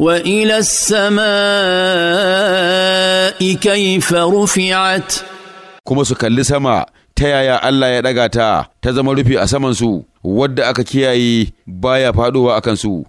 والى السماء كيف رفعت kuma su kalli sama ta yaya Allah ya ɗaga ta ta zama rufi a samansu wadda aka kiyaye baya faɗowa a kansu